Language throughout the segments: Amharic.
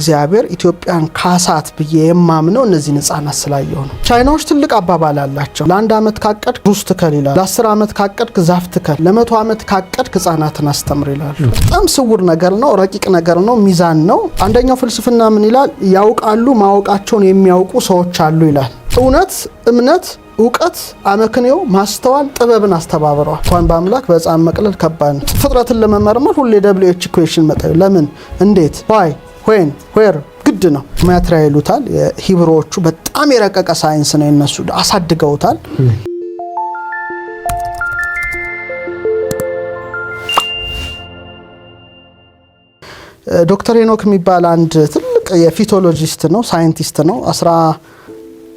እግዚአብሔር ኢትዮጵያን ካሳት ብዬ የማምነው እነዚህን ህጻናት ስላየው ነው። ቻይናዎች ትልቅ አባባል አላቸው። ለአንድ ዓመት ካቀድክ ሩዝ ትከል ይላል። ለአስር ዓመት ካቀድክ ዛፍ ትከል፣ ለመቶ ዓመት ካቀድክ ህጻናትን አስተምር ይላሉ። በጣም ስውር ነገር ነው፣ ረቂቅ ነገር ነው፣ ሚዛን ነው። አንደኛው ፍልስፍና ምን ይላል? ያውቃሉ ማወቃቸውን የሚያውቁ ሰዎች አሉ ይላል። እውነት፣ እምነት እውቀት አመክንዮ ማስተዋል ጥበብን አስተባብረዋል። እንኳን በአምላክ በህፃን መቅለል ከባድ ነው። ፍጥረትን ለመመርመር ሁሌ ደብሊው ኤች ኢኩዌሽን ለምን፣ እንዴት፣ ዋይ ወይን ዌር ግድ ነው። ማትሪያ ይሉታል ሂብሮዎቹ። በጣም የረቀቀ ሳይንስ ነው የነሱ፣ አሳድገውታል። ዶክተር ሄኖክ የሚባል አንድ ትልቅ የፊቶሎጂስት ነው፣ ሳይንቲስት ነው። አስራ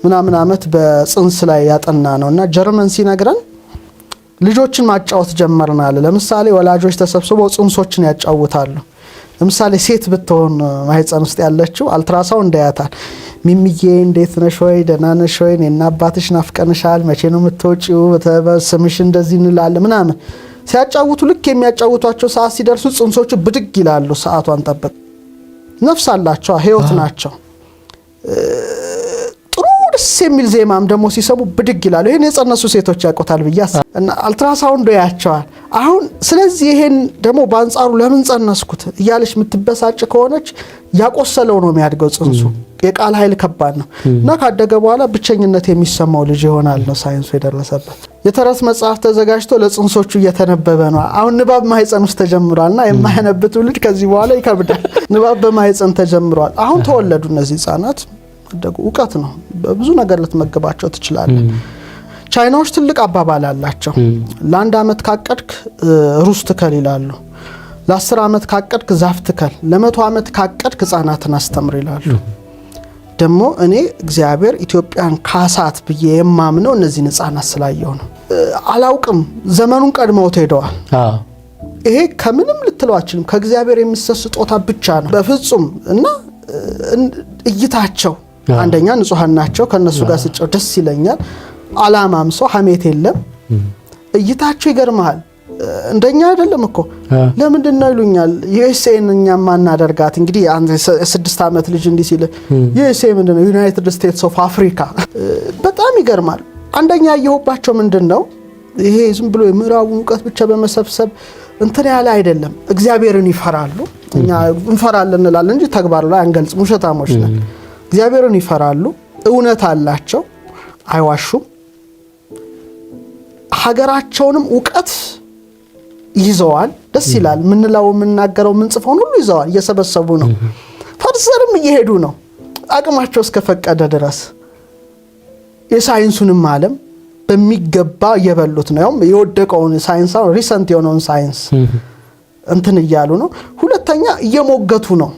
ምናምን ዓመት በጽንስ ላይ ያጠና ነው እና ጀርመን ሲነግረን ልጆችን ማጫወት ጀመርናል። ለምሳሌ ወላጆች ተሰብስበው ጽንሶችን ያጫውታሉ። ለምሳሌ ሴት ብትሆን ማህፀን ውስጥ ያለችው አልትራሳውንድ ያያታል። ሚሚዬ እንዴት ነሽ ወይ ደህና ነሽ ወይ እኔና አባትሽ ናፍቀንሻል፣ መቼ ነው የምትወጪው፣ ስምሽ እንደዚህ እንላለን ምናምን ሲያጫውቱ ልክ የሚያጫውቷቸው ሰዓት ሲደርሱ ጽንሶቹ ብድግ ይላሉ። ሰዓቷን ጠብቅ ነፍስ አላቸው፣ ህይወት ናቸው። ደስ የሚል ዜማም ደግሞ ሲሰሙ ብድግ ይላሉ። ይህን የጸነሱ ሴቶች ያውቁታል ብያስ እና አልትራሳውንዶ ያቸዋል። አሁን ስለዚህ ይሄን ደግሞ በአንጻሩ ለምን ጸነስኩት እያለች የምትበሳጭ ከሆነች ያቆሰለው ነው የሚያድገው ጽንሱ። የቃል ኃይል ከባድ ነው እና ካደገ በኋላ ብቸኝነት የሚሰማው ልጅ ይሆናል ነው ሳይንሱ የደረሰበት። የተረት መጽሐፍ ተዘጋጅቶ ለጽንሶቹ እየተነበበ ነው። አሁን ንባብ ማህፀን ውስጥ ተጀምሯልና የማያነብ ትውልድ ከዚህ በኋላ ይከብዳል። ንባብ በማህፀን ተጀምሯል። አሁን ተወለዱ እነዚህ ህጻናት ያሳደጉ እውቀት ነው። በብዙ ነገር ልትመግባቸው ትችላለህ። ቻይናዎች ትልቅ አባባል አላቸው። ለአንድ አመት ካቀድክ ሩዝ ትከል ይላሉ። ለአስር አመት ካቀድክ ዛፍ ትከል፣ ለመቶ አመት ካቀድክ ህጻናትን አስተምር ይላሉ። ደግሞ እኔ እግዚአብሔር ኢትዮጵያን ካሳት ብዬ የማምነው እነዚህን ህጻናት ስላየው ነው። አላውቅም፣ ዘመኑን ቀድመውት ሄደዋል። ይሄ ከምንም አችልም። ከእግዚአብሔር የሚሰጥ ስጦታ ብቻ ነው በፍጹም እና እይታቸው አንደኛ ንጹሐን ናቸው። ከእነሱ ጋር ስጫው ደስ ይለኛል። አላማም ሰው ሀሜት የለም። እይታቸው ይገርመሃል። እንደኛ አይደለም እኮ ለምንድን ነው ይሉኛል። ዩኤስኤን እኛ ማናደርጋት እንግዲህ ስድስት ዓመት ልጅ እንዲህ ሲል ዩኤስኤ ምንድን ነው ዩናይትድ ስቴትስ ኦፍ አፍሪካ በጣም ይገርማል። አንደኛ ያየሁባቸው ምንድን ነው ይሄ ዝም ብሎ የምዕራቡ እውቀት ብቻ በመሰብሰብ እንትን ያለ አይደለም። እግዚአብሔርን ይፈራሉ። እኛ እንፈራለን እንላለን እንጂ ተግባር ላይ አንገልጽም። ውሸታሞች ነን። እግዚአብሔርን ይፈራሉ፣ እውነት አላቸው፣ አይዋሹም። ሀገራቸውንም እውቀት ይዘዋል። ደስ ይላል። ምንለው፣ የምናገረው፣ ምንጽፈውን ሁሉ ይዘዋል። እየሰበሰቡ ነው። ፈርዘርም እየሄዱ ነው፣ አቅማቸው እስከፈቀደ ድረስ የሳይንሱንም ዓለም በሚገባ እየበሉት ነው። ያውም የወደቀውን ሳይንስ ሪሰንት የሆነውን ሳይንስ እንትን እያሉ ነው። ሁለተኛ እየሞገቱ ነው።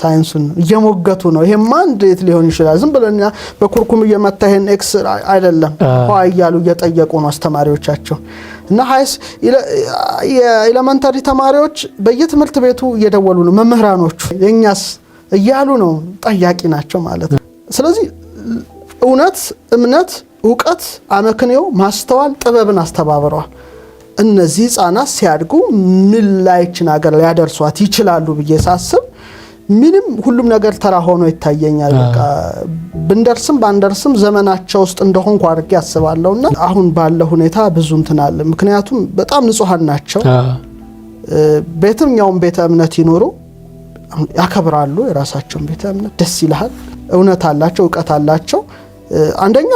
ሳይንሱን እየሞገቱ ነው። ይሄማ እንዴት ሊሆን ይችላል? ዝም ብለን በኩርኩም እየመታ ይሄን ኤክስ አይደለም ዋ እያሉ እየጠየቁ ነው አስተማሪዎቻቸው እና ሀይስ የኤሌመንተሪ ተማሪዎች በየትምህርት ቤቱ እየደወሉ ነው መምህራኖቹ የእኛስ እያሉ ነው። ጠያቂ ናቸው ማለት ነው። ስለዚህ እውነት፣ እምነት፣ እውቀት፣ አመክንዮ፣ ማስተዋል፣ ጥበብን አስተባብረዋል። እነዚህ ህፃናት ሲያድጉ ምን ላይችን ሀገር ሊያደርሷት ይችላሉ ብዬ ሳስብ ምንም ሁሉም ነገር ተራ ሆኖ ይታየኛል። በቃ ብንደርስም ባንደርስም ዘመናቸው ውስጥ እንደሆንኩ አድርጌ አስባለሁ። እና አሁን ባለ ሁኔታ ብዙ እንትን አለ። ምክንያቱም በጣም ንጹሐን ናቸው። በየትኛውም ቤተ እምነት ይኖሩ ያከብራሉ። የራሳቸውን ቤተ እምነት ደስ ይልሃል። እውነት አላቸው፣ እውቀት አላቸው። አንደኛ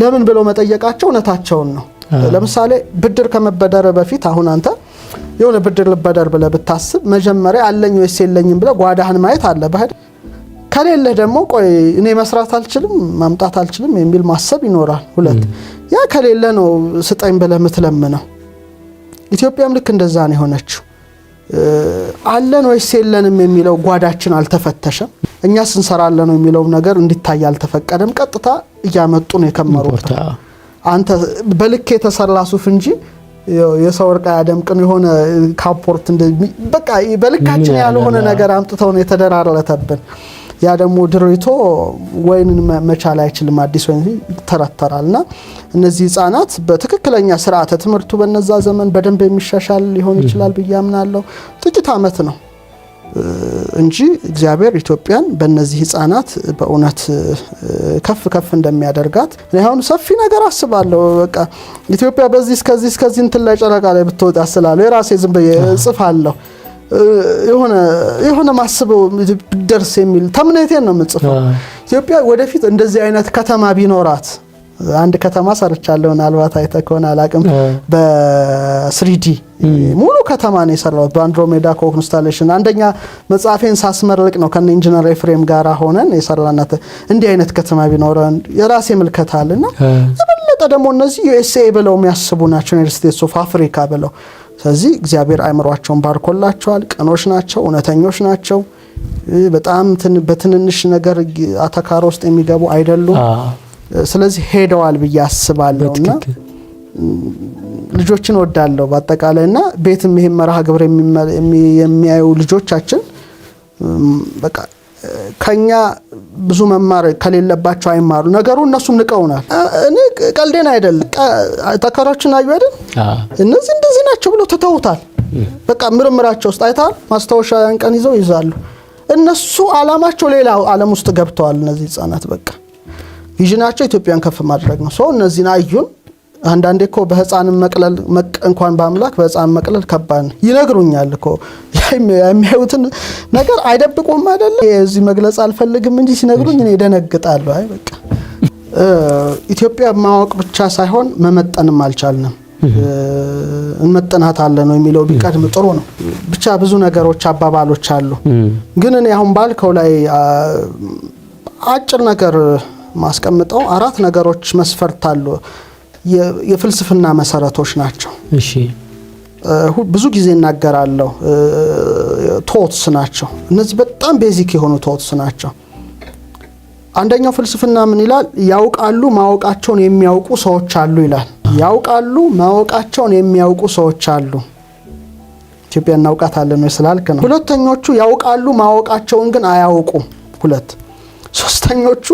ለምን ብለው መጠየቃቸው እውነታቸውን ነው። ለምሳሌ ብድር ከመበደረ በፊት አሁን አንተ የሆነ ብድር ልበደር ብለህ ብታስብ መጀመሪያ አለኝ ወይስ የለኝም ብለህ ጓዳህን ማየት አለብህ። ከሌለህ ደግሞ ቆይ እኔ መስራት አልችልም ማምጣት አልችልም የሚል ማሰብ ይኖራል። ሁለት ያ ከሌለ ነው ስጠኝ ብለህ የምትለምነው። ኢትዮጵያም ልክ እንደዛ ነው የሆነችው። አለን ወይስ የለንም የሚለው ጓዳችን አልተፈተሸም። እኛ ስንሰራለን ነው የሚለው ነገር እንዲታይ አልተፈቀደም። ቀጥታ እያመጡ ነው የከመሩት። አንተ በልክ የተሰላ ሱፍ እንጂ የሰው እርቅ አያደምቅም የሆነ ካፖርት በቃ በልካችን ያልሆነ ነገር አምጥተው ነው የተደራረተብን። ያ ደግሞ ድሪቶ ወይንን መቻል አይችልም፣ አዲስ ወይን ይተረተራል። እና እነዚህ ህጻናት በትክክለኛ ስርዓተ ትምህርቱ በነዛ ዘመን በደንብ የሚሻሻል ሊሆን ይችላል ብዬ አምናለሁ። ጥቂት አመት ነው እንጂ እግዚአብሔር ኢትዮጵያን በእነዚህ ህጻናት በእውነት ከፍ ከፍ እንደሚያደርጋት እኔ አሁን ሰፊ ነገር አስባለሁ። በቃ ኢትዮጵያ በዚህ እስከዚህ እስከዚህ እንትን ላይ ጨረቃ ላይ ብትወጣ ስላለሁ የራሴ ዝም ብዬ ጽፋለሁ። የሆነ የሆነ ማስበው ደርስ የሚል ተምኔቴን ነው የምጽፈው። ኢትዮጵያ ወደፊት እንደዚህ አይነት ከተማ ቢኖራት አንድ ከተማ ሰርቻለሁ። ምናልባት አይተህ ከሆነ አላቅም። በስሪዲ ሙሉ ከተማ ነው የሰራሁት በአንድሮሜዳ ኮንስታሌሽን። አንደኛ መጽሐፌን ሳስመርቅ ነው ከነ ኢንጂነር ኤፍሬም ጋር ሆነን የሰራናት። እንዲህ አይነት ከተማ ቢኖረን የራሴ ምልከታ አለና የበለጠ ደግሞ እነዚህ ዩኤስኤ ብለው የሚያስቡ ናቸው፣ ዩናይትድ ስቴትስ ኦፍ አፍሪካ ብለው። ስለዚህ እግዚአብሔር አይምሯቸውን ባርኮላቸዋል። ቅኖች ናቸው፣ እውነተኞች ናቸው። በጣም በትንንሽ ነገር አተካሮ ውስጥ የሚገቡ አይደሉም። ስለዚህ ሄደዋል ብዬ አስባለሁ እና ልጆችን ወዳለሁ በአጠቃላይ እና ቤትም ይህም መርሃ ግብር የሚያዩ ልጆቻችን በቃ ከኛ ብዙ መማር ከሌለባቸው አይማሩ። ነገሩ እነሱም ንቀውናል። እኔ ቀልዴን አይደለም። ተከራችን አዩ አይደል? እነዚህ እንደዚህ ናቸው ብለው ተተውታል። በቃ ምርምራቸው ውስጥ አይታል ማስታወሻ ያን ቀን ይዘው ይዛሉ። እነሱ አላማቸው ሌላ አለም ውስጥ ገብተዋል። እነዚህ ህጻናት በቃ ቪዥናቸው ኢትዮጵያን ከፍ ማድረግ ነው። ሰው እነዚህን አዩን። አንዳንዴ እኮ በህፃን መቅለል እንኳን በአምላክ በህፃን መቅለል ከባድ ይነግሩኛል እኮ የሚያዩትን ነገር አይደብቁም አይደለ? እዚህ መግለጽ አልፈልግም እንጂ ሲነግሩኝ እኔ ደነግጣለሁ። አይ በቃ ኢትዮጵያ ማወቅ ብቻ ሳይሆን መመጠንም አልቻልንም። እንመጠናት አለ ነው የሚለው ቢቀድም ጥሩ ነው። ብቻ ብዙ ነገሮች አባባሎች አሉ። ግን እኔ አሁን ባልከው ላይ አጭር ነገር ማስቀምጠው አራት ነገሮች መስፈርት አሉ። የፍልስፍና መሰረቶች ናቸው። እሺ ብዙ ጊዜ እናገራለሁ። ቶትስ ናቸው እነዚህ በጣም ቤዚክ የሆኑ ቶትስ ናቸው። አንደኛው ፍልስፍና ምን ይላል? ያውቃሉ ማወቃቸውን የሚያውቁ ሰዎች አሉ ይላል። ያውቃሉ ማወቃቸውን የሚያውቁ ሰዎች አሉ። ኢትዮጵያ እናውቃታለን ወይ ስላልክ ነው። ሁለተኞቹ ያውቃሉ ማወቃቸውን ግን አያውቁም። ሁለት ሶስተኞቹ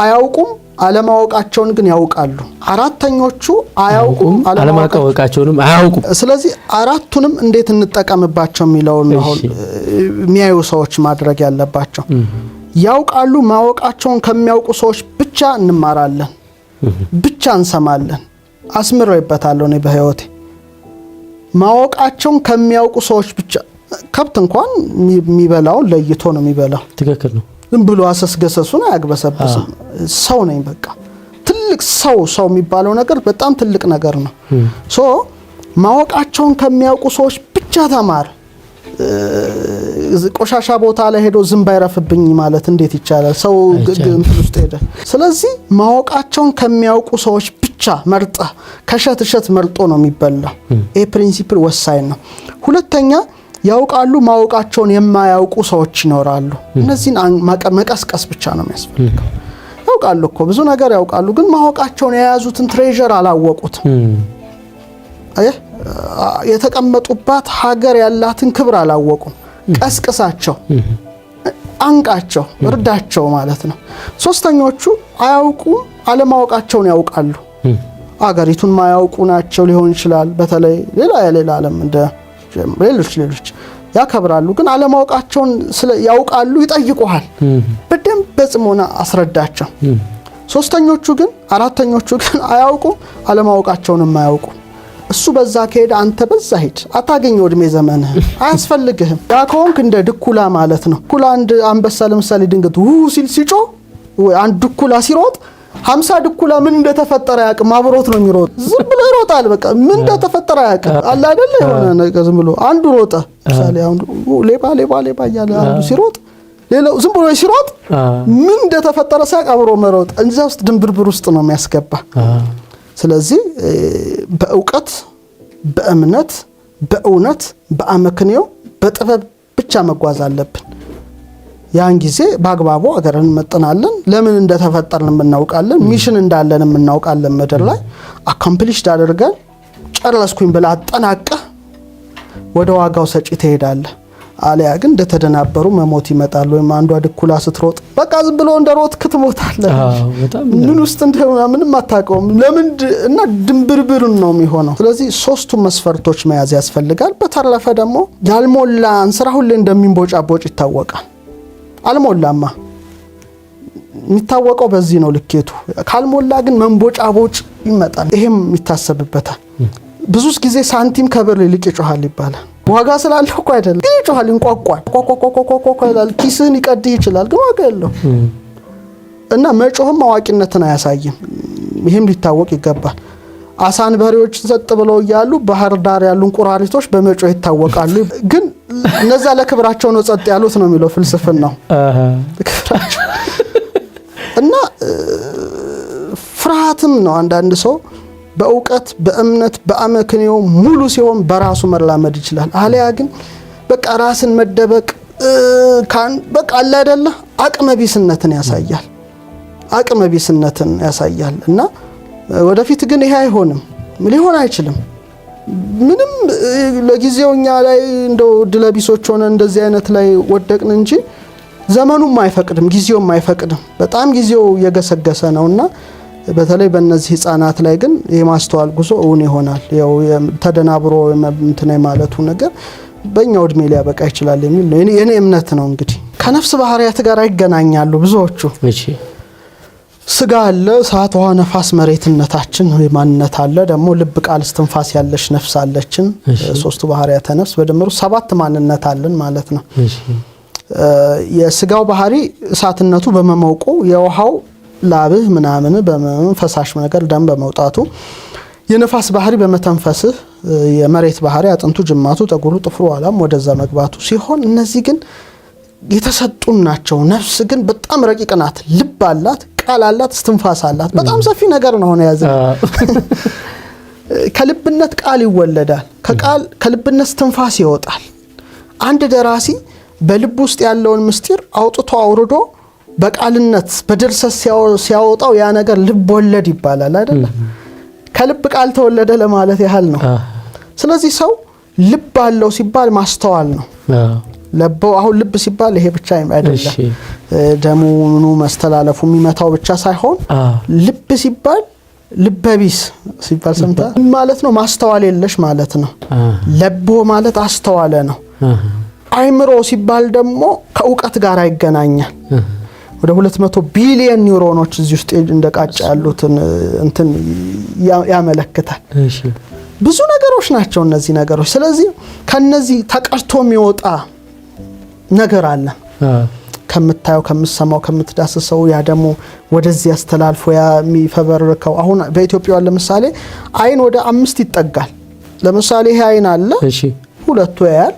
አያውቁም አለማወቃቸውን ግን ያውቃሉ። አራተኞቹ አያውቁም አለማወቃቸውንም አያውቁም። ስለዚህ አራቱንም እንዴት እንጠቀምባቸው የሚለውን አሁን የሚያዩ ሰዎች ማድረግ ያለባቸው ያውቃሉ። ማወቃቸውን ከሚያውቁ ሰዎች ብቻ እንማራለን፣ ብቻ እንሰማለን። አስምሬበታለሁ እኔ በህይወቴ ማወቃቸውን ከሚያውቁ ሰዎች ብቻ። ከብት እንኳን የሚበላውን ለይቶ ነው የሚበላው። ትክክል ነው። ዝም ብሎ አሰስገሰሱን አያግበሰብስም። ሰው ነኝ በቃ ትልቅ ሰው ሰው የሚባለው ነገር በጣም ትልቅ ነገር ነው። ሶ ማወቃቸውን ከሚያውቁ ሰዎች ብቻ ተማር። ቆሻሻ ቦታ ላይ ሄዶ ዝም ባይረፍብኝ ማለት እንዴት ይቻላል? ሰው እንትን ውስጥ ሄደ። ስለዚህ ማወቃቸውን ከሚያውቁ ሰዎች ብቻ መርጠ ከሸት እሸት መርጦ ነው የሚበላው። ይህ ፕሪንሲፕል ወሳኝ ነው። ሁለተኛ ያውቃሉ፣ ማወቃቸውን የማያውቁ ሰዎች ይኖራሉ። እነዚህን መቀስቀስ ብቻ ነው የሚያስፈልገው። ያውቃሉ እኮ ብዙ ነገር ያውቃሉ፣ ግን ማወቃቸውን የያዙትን ትሬዠር አላወቁትም። የተቀመጡባት ሀገር ያላትን ክብር አላወቁም። ቀስቅሳቸው፣ አንቃቸው፣ እርዳቸው ማለት ነው። ሶስተኞቹ አያውቁም፣ አለማወቃቸውን ያውቃሉ። አገሪቱን ማያውቁ ናቸው ሊሆን ይችላል። በተለይ ሌላ የሌላ ዓለም እንደ ሌሎች ሌሎች ያከብራሉ። ግን አለማወቃቸውን ያውቃሉ፣ ይጠይቁሃል። በደንብ በጽሞና አስረዳቸው። ሶስተኞቹ ግን አራተኞቹ ግን አያውቁም፣ አለማወቃቸውንም አያውቁ። እሱ በዛ ከሄደ አንተ በዛ ሄድ አታገኘው። እድሜ ዘመንህ አያስፈልግህም። ያ ከሆንክ እንደ ድኩላ ማለት ነው። ድኩላ አንድ አንበሳ ለምሳሌ ድንገት ሲል ሲጮ አንድ ድኩላ ሲሮጥ ሀምሳ ድኩላ ምን እንደተፈጠረ አያውቅም። አብሮት ነው የሚሮጥ። ዝም ብሎ ይሮጣል። በቃ ምን እንደተፈጠረ አያውቅም። አለ አይደለ የሆነ ነገር ዝም ብሎ አንዱ ሮጠ፣ ምሳሌ አንዱ ሌባ ሌባ ሌባ እያለ አንዱ ሲሮጥ፣ ሌላው ዝም ብሎ ሲሮጥ ምን እንደተፈጠረ ሳያውቅ አብሮ መሮጥ እዚያ ውስጥ ድንብርብር ውስጥ ነው የሚያስገባ። ስለዚህ በእውቀት በእምነት በእውነት በአመክንዮ በጥበብ ብቻ መጓዝ አለብን። ያን ጊዜ በአግባቡ ሀገርን እንመጥናለን። ለምን እንደተፈጠርን እናውቃለን። ሚሽን እንዳለን እናውቃለን። ምድር ላይ አካምፕሊሽድ አድርገን ጨረስኩኝ ብለህ አጠናቀህ ወደ ዋጋው ሰጪ ትሄዳለህ። አሊያ ግን እንደተደናበሩ መሞት ይመጣል። ወይም አንዷ ድኩላ ስትሮጥ በቃ ዝም ብሎ እንደ ሮጥክ ክትሞታለ ምን ውስጥ እንደሆነ ምንም አታውቀውም። ለምን እና ድንብርብርን ነው የሚሆነው። ስለዚህ ሶስቱ መስፈርቶች መያዝ ያስፈልጋል። በተረፈ ደግሞ ያልሞላ ስራ ሁሌ እንደሚንቦጫቦጭ ይታወቃል። አልሞላማ። የሚታወቀው በዚህ ነው ልኬቱ። ካልሞላ ግን መንቦጫቦጭ ይመጣል። ይሄም ይታሰብበታል። ብዙ ጊዜ ሳንቲም ከብር ይልቅ ይጮሃል ይባላል። ዋጋ ስላለው እኮ አይደለም፣ ግን ይጮሃል፣ ይንቋቋል፣ ይላል፣ ኪስህን ይቀድህ ይችላል፣ ግን ዋጋ የለው እና መጮህም አዋቂነትን አያሳይም። ይህም ሊታወቅ ይገባል። በሬዎች ሰጥ ብለው እያሉ ባህር ዳር ያሉ እንቁራሪቶች በመጮህ ይታወቃሉ ግን እነዛ ለክብራቸው ነው ጸጥ ያሉት ነው የሚለው ፍልስፍናው እና ፍርሃትም ነው። አንዳንድ ሰው በእውቀት በእምነት በአመክንዮ ሙሉ ሲሆን በራሱ መላመድ ይችላል። አሊያ ግን በቃ ራስን መደበቅ በቃ አለ አይደለ ቢስነትን ያሳያል። ቢስነትን ያሳያል እና ወደፊት ግን ይሄ አይሆንም፣ ሊሆን አይችልም። ምንም ለጊዜው እኛ ላይ እንደው ድለቢሶች ሆነ እንደዚህ አይነት ላይ ወደቅን እንጂ ዘመኑም አይፈቅድም፣ ጊዜውም አይፈቅድም። በጣም ጊዜው እየገሰገሰ ነውና በተለይ በእነዚህ ህጻናት ላይ ግን የማስተዋል ጉዞ እውን ይሆናል። ያው ተደናብሮ እንትን ማለቱ ነገር በእኛው እድሜ ሊያበቃ ይችላል የሚል ነው የኔ እምነት ነው። እንግዲህ ከነፍስ ባህሪያት ጋር ይገናኛሉ ብዙዎቹ ስጋ አለ፣ እሳት፣ ውሃ፣ ነፋስ፣ መሬትነታችን ማንነት አለ። ደግሞ ልብ፣ ቃል፣ እስትንፋስ ያለች ነፍስ አለችን። ሶስቱ ባህሪያተ ነፍስ በድምሩ ሰባት ማንነት አለን ማለት ነው። የስጋው ባህሪ እሳትነቱ በመመውቁ፣ የውሃው ላብህ ምናምን በመንፈሳሽ ነገር ደም በመውጣቱ፣ የነፋስ ባህሪ በመተንፈስህ፣ የመሬት ባህሪ አጥንቱ፣ ጅማቱ፣ ጠጉሩ፣ ጥፍሩ፣ ኋላም ወደዛ መግባቱ ሲሆን እነዚህ ግን የተሰጡን ናቸው። ነፍስ ግን በጣም ረቂቅ ናት። ልብ አላት ቃል አላት፣ እስትንፋስ አላት። በጣም ሰፊ ነገር ነው ያዘ ከልብነት ቃል ይወለዳል፣ ከቃል ከልብነት እስትንፋስ ይወጣል። አንድ ደራሲ በልብ ውስጥ ያለውን ምስጢር አውጥቶ አውርዶ በቃልነት በድርሰት ሲያወጣው ያ ነገር ልብ ወለድ ይባላል አይደለ? ከልብ ቃል ተወለደ ለማለት ያህል ነው። ስለዚህ ሰው ልብ አለው ሲባል ማስተዋል ነው። ለበው አሁን ልብ ሲባል ይሄ ብቻ አይደለም። ደሙ ምኑ መስተላለፉ የሚመታው ብቻ ሳይሆን ልብ ሲባል ልበቢስ ሲባል ሰምተህ ማለት ነው። ማስተዋል የለሽ ማለት ነው። ለቦ ማለት አስተዋለ ነው። አይምሮ ሲባል ደግሞ ከእውቀት ጋር ይገናኛል። ወደ 200 ቢሊየን ኒውሮኖች እዚህ ውስጥ እንደቃጭ ያሉትን እንትን ያመለክታል። ብዙ ነገሮች ናቸው እነዚህ ነገሮች። ስለዚህ ከነዚህ ተቀርቶ የሚወጣ ነገር አለ ከምታየው ከምሰማው ከምትዳስሰው ያ ደግሞ ወደዚህ ያስተላልፎ ያ የሚፈበርከው አሁን በኢትዮጵያ ለምሳሌ አይን ወደ አምስት ይጠጋል። ለምሳሌ ይሄ አይን አለ፣ ሁለቱ ያያል።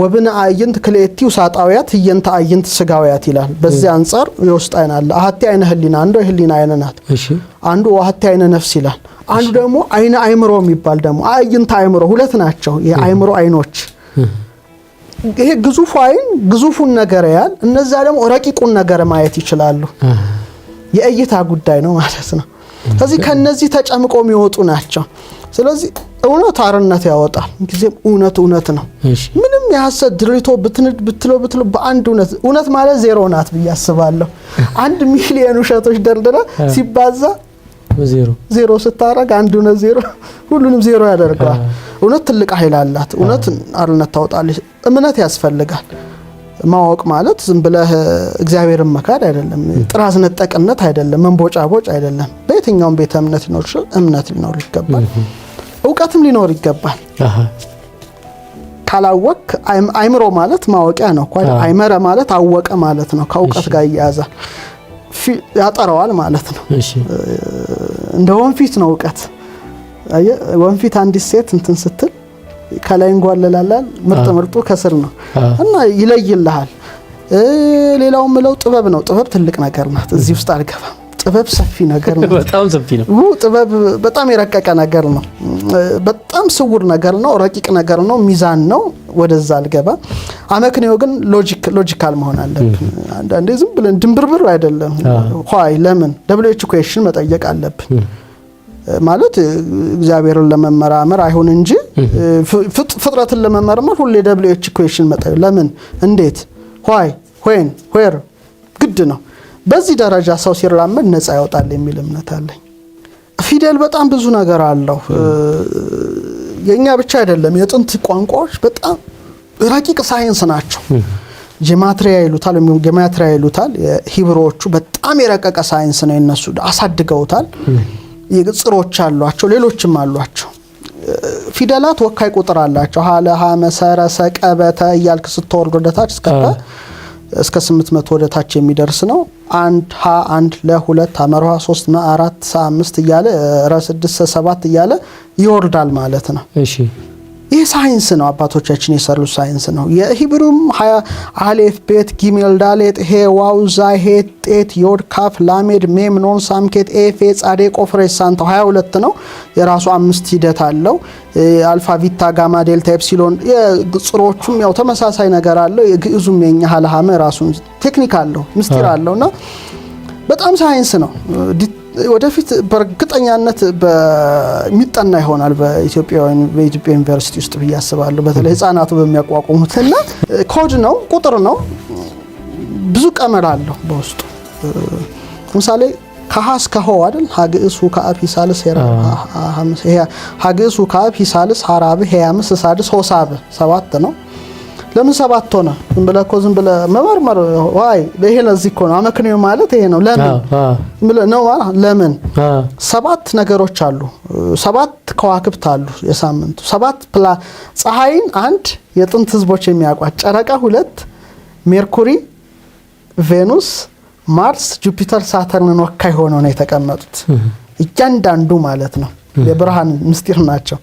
ወብነ አዕይንት ክልኤቲ ውሳጣውያት ህየንተ አዕይንት ስጋውያት ይላል። በዚህ አንጻር የውስጥ አይን አለ። አሐቲ አይነ ህሊና፣ አንዱ የህሊና አይነ ናት፣ አንዱ አሐቲ አይነ ነፍስ ይላል። አንዱ ደግሞ አይነ አይምሮ የሚባል ደግሞ አዕይንተ አይምሮ፣ ሁለት ናቸው የአይምሮ አይኖች ይሄ ግዙፍ አይን ግዙፉን ነገር ያል እነዛ ደግሞ ረቂቁን ነገር ማየት ይችላሉ። የእይታ ጉዳይ ነው ማለት ነው። ስለዚህ ከነዚህ ተጨምቆ የሚወጡ ናቸው። ስለዚህ እውነት አርነት ያወጣል። ጊዜም እውነት እውነት ነው። ምንም የሐሰት ድሪቶ ብትንድ ብትሎ ብትሎ በአንድ እውነት እውነት ማለት ዜሮ ናት ብዬ አስባለሁ። አንድ ሚሊየን ውሸቶች ደርድራ ሲባዛ ዜሮ ስታረግ አንድ እውነት ዜሮ ሁሉንም ዜሮ ያደርገዋል። እውነት ትልቅ ኃይል አላት። እውነት አርነት ታወጣለች። እምነት ያስፈልጋል። ማወቅ ማለት ዝም ብለህ እግዚአብሔርን መካድ አይደለም። ጥራዝ ነጠቅነት አይደለም። መንቦጫ ቦጭ አይደለም። በየትኛውም ቤተ እምነት ሊኖር ይችላል። እምነት ሊኖር ይገባል። እውቀትም ሊኖር ይገባል። ካላወቅ አይምሮ ማለት ማወቂያ ነው። አይመረ ማለት አወቀ ማለት ነው። ከእውቀት ጋር እያያዛል ያጠረዋል ማለት ነው። እንደ ፊት ነው እውቀት ወንፊት አንዲት ሴት እንትን ስትል ከላይ እንጓለላላል። ምርጥ ምርጡ ከስር ነው እና ይለይልሃል። ሌላው ምለው ጥበብ ነው። ጥበብ ትልቅ ነገር ናት። እዚህ ውስጥ አልገባም። ጥበብ ሰፊ ነገር ነው። በጣም ሰፊ ነው። ጥበብ በጣም የረቀቀ ነገር ነው። በጣም ስውር ነገር ነው። ረቂቅ ነገር ነው። ሚዛን ነው። ወደዛ አልገባ አመክንዮ ግን ሎጂካል መሆን አለብን። አንዳንዴ ዝም ብለን ድንብርብር አይደለም። ኋይ ለምን ደብሊው ኤች ኩዌሽን መጠየቅ አለብን። ማለት እግዚአብሔርን ለመመራመር አይሁን እንጂ ፍጥረትን ለመመርመር ሁሌ ደብሊዎች ኢኩዌሽን መጣ። ለምን፣ እንዴት፣ ኋይ፣ ዌን፣ ዌር ግድ ነው። በዚህ ደረጃ ሰው ሲራመድ ነፃ ያወጣል የሚል እምነት አለኝ። ፊደል በጣም ብዙ ነገር አለው። የእኛ ብቻ አይደለም። የጥንት ቋንቋዎች በጣም ረቂቅ ሳይንስ ናቸው። ጂማትሪያ ይሉታል ወይም ጂማትሪያ ይሉታል። ሂብሮዎቹ በጣም የረቀቀ ሳይንስ ነው የነሱ አሳድገውታል። ይግጽሮች አሏቸው፣ ሌሎችም አሏቸው። ፊደላት ወካይ ቁጥር አላቸው። ሀለ ሀመ ሰረሰ ቀበተ እያልክ ስትወርድ ወደታች እስከ ስምንት መቶ ወደታች የሚደርስ ነው። አንድ ሀ አንድ ለ ሁለት አመር ሶስት መ አራት ሰ አምስት እያለ ረ ስድስት ሰ ሰባት እያለ ይወርዳል ማለት ነው። እሺ ይህ ሳይንስ ነው፣ አባቶቻችን የሰሩ ሳይንስ ነው። የሂብሩም አሌፍ፣ ቤት፣ ጊሜል፣ ዳሌጥ ሄ፣ ዋው፣ ዛይ፣ ሄት፣ ጤት፣ ዮድ፣ ካፍ፣ ላሜድ፣ ሜም፣ ኖን፣ ሳምኬት፣ ኤፌ፣ ጻዴ፣ ቆፍሬስ፣ ሳንታው 22 ነው። የራሱ አምስት ሂደት አለው። አልፋ፣ ቪታ፣ ጋማ፣ ዴልታ፣ ኤፕሲሎን የጽሮቹም ያው ተመሳሳይ ነገር አለው። የግዕዙም የኛ ሀለሃመ ራሱን ቴክኒክ አለው ምስጢር አለው እና በጣም ሳይንስ ነው። ወደፊት በእርግጠኛነት በሚጠና ይሆናል በኢትዮጵያ በኢትዮጵያ ዩኒቨርሲቲ ውስጥ ብዬ አስባለሁ። በተለይ ህጻናቱ በሚያቋቁሙት እና ኮድ ነው ቁጥር ነው ብዙ ቀመር አለው በውስጡ ምሳሌ ከሀ እስከ ሆ አይደል ሀግእሱ ከአብ ሂሳልስ ሀግእሱ ከአብ ሂሳልስ ሀራብ ሄያምስ ሳድስ ሆሳብ ሰባት ነው ለምን ሰባት ሆነ? ዝም ብለህ እኮ ዝም ብለህ መመርመር ዋይ ይሄ ለዚህ እኮ ነው። አመክንዮ ማለት ይሄ ነው። ለምን ነው ለምን ሰባት ነገሮች አሉ፣ ሰባት ከዋክብት አሉ። የሳምንቱ ሰባት ፕላ ፀሐይን አንድ የጥንት ህዝቦች የሚያውቋት ጨረቃ ሁለት ሜርኩሪ፣ ቬኑስ፣ ማርስ፣ ጁፒተር፣ ሳተርንን ወካይ ሆነው ነው የተቀመጡት እያንዳንዱ ማለት ነው። የብርሃን ምስጢር ናቸው።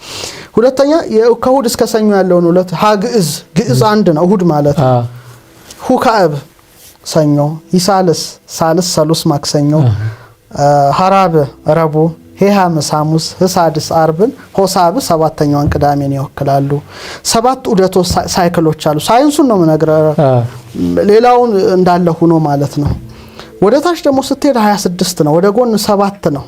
ሁለተኛ ከእሁድ እስከ ሰኞ ያለውን ሁለት ሀ ግዕዝ ግዕዝ አንድ ነው እሁድ ማለት ነው። ሰኞ፣ ይሳልስ ሳልስ ሰሉስ ማክሰኞ፣ ሀራብ ረቡ፣ ሄሃምስ ሐሙስ፣ ህሳድስ አርብን፣ ሆሳብ ሰባተኛውን ቅዳሜን ይወክላሉ። ሰባት ውደቶ ሳይክሎች አሉ። ሳይንሱን ነው ምነግረ ሌላውን እንዳለ ሁኖ ማለት ነው። ወደ ታች ደግሞ ስትሄድ 26 ነው፣ ወደ ጎን ሰባት ነው።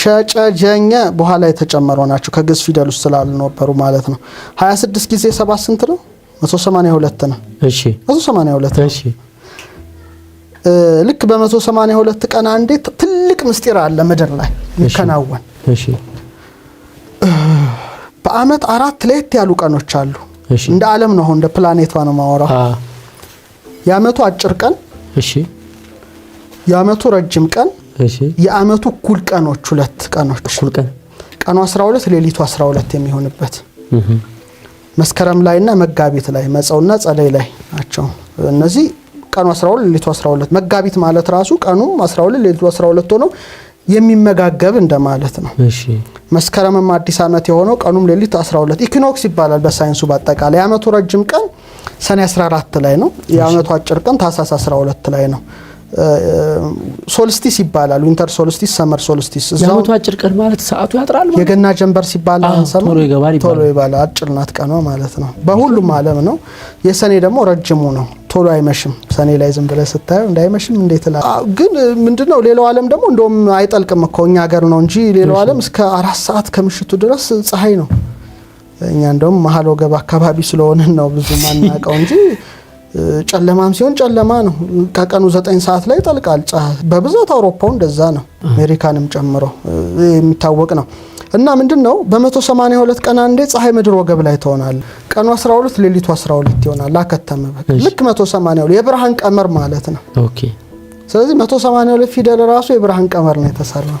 ሸጨጀኘ በኋላ የተጨመሩ ናቸው ከግዕዝ ፊደል ውስጥ ስላልነበሩ ማለት ነው። 26 ጊዜ 7 ስንት ነው? 182 ነው። እሺ 182 እሺ። ልክ በ182 ቀን አንዴ ትልቅ ምስጢር አለ ምድር ላይ ይከናወን እሺ በአመት አራት ለየት ያሉ ቀኖች አሉ። እንደ ዓለም ነው፣ እንደ ፕላኔቷ ነው ማወራው። የአመቱ አጭር ቀን፣ እሺ የአመቱ ረጅም ቀን የአመቱ እኩል ቀኖች ሁለት ቀኖች እኩል ቀን ቀኑ 12 ሌሊቱ 12 የሚሆንበት መስከረም ላይና መጋቢት ላይ መጸውና ጸደይ ላይ ናቸው። እነዚህ ቀኑ 12 ሌሊቱ 12 መጋቢት ማለት ራሱ ቀኑ 12 ሌሊቱ 12 ሆኖ የሚመጋገብ እንደማለት ነው። መስከረምም አዲስ ዓመት የሆነው ቀኑም ሌሊት 12 ኢኪኖክስ ይባላል በሳይንሱ። በአጠቃላይ የአመቱ ረጅም ቀን ሰኔ 14 ላይ ነው። የአመቱ አጭር ቀን ታህሳስ 12 ላይ ነው። ሶልስቲስ ይባላል። ዊንተር ሶልስቲስ፣ ሰመር ሶልስቲስ የዓመቱ አጭር ቀን ማለት ሰዓቱ ያጥራል። የገና ጀንበር ሲባል ቶሎ ይገባል ቶሎ ይባላል። አጭር ናት ቀኗ ማለት ነው። በሁሉም ዓለም ነው። የሰኔ ደግሞ ረጅሙ ነው። ቶሎ አይመሽም። ሰኔ ላይ ዝም ብለህ ስታየው እንዳይመሽም እንዴት ላ ግን ምንድነው? ሌላው ዓለም ደግሞ እንደውም አይጠልቅም እኮ እኛ ሀገር ነው እንጂ ሌላው ዓለም እስከ አራት ሰዓት ከምሽቱ ድረስ ፀሐይ ነው። እኛ እንደውም መሀል ወገብ አካባቢ ስለሆንን ነው ብዙ ማናውቀው እንጂ ጨለማም ሲሆን ጨለማ ነው። ከቀኑ ዘጠኝ ሰዓት ላይ ይጠልቃል ፀሐይ። በብዛት አውሮፓው እንደዛ ነው፣ አሜሪካንም ጨምሮ የሚታወቅ ነው። እና ምንድን ነው በ182 ቀን አንዴ ፀሐይ ምድር ወገብ ላይ ትሆናል። ቀኑ 12 ሌሊቱ 12 ይሆናል። አከተመ በቃ ልክ 182 የብርሃን ቀመር ማለት ነው። ስለዚህ 182 ፊደል ራሱ የብርሃን ቀመር ነው የተሰራው።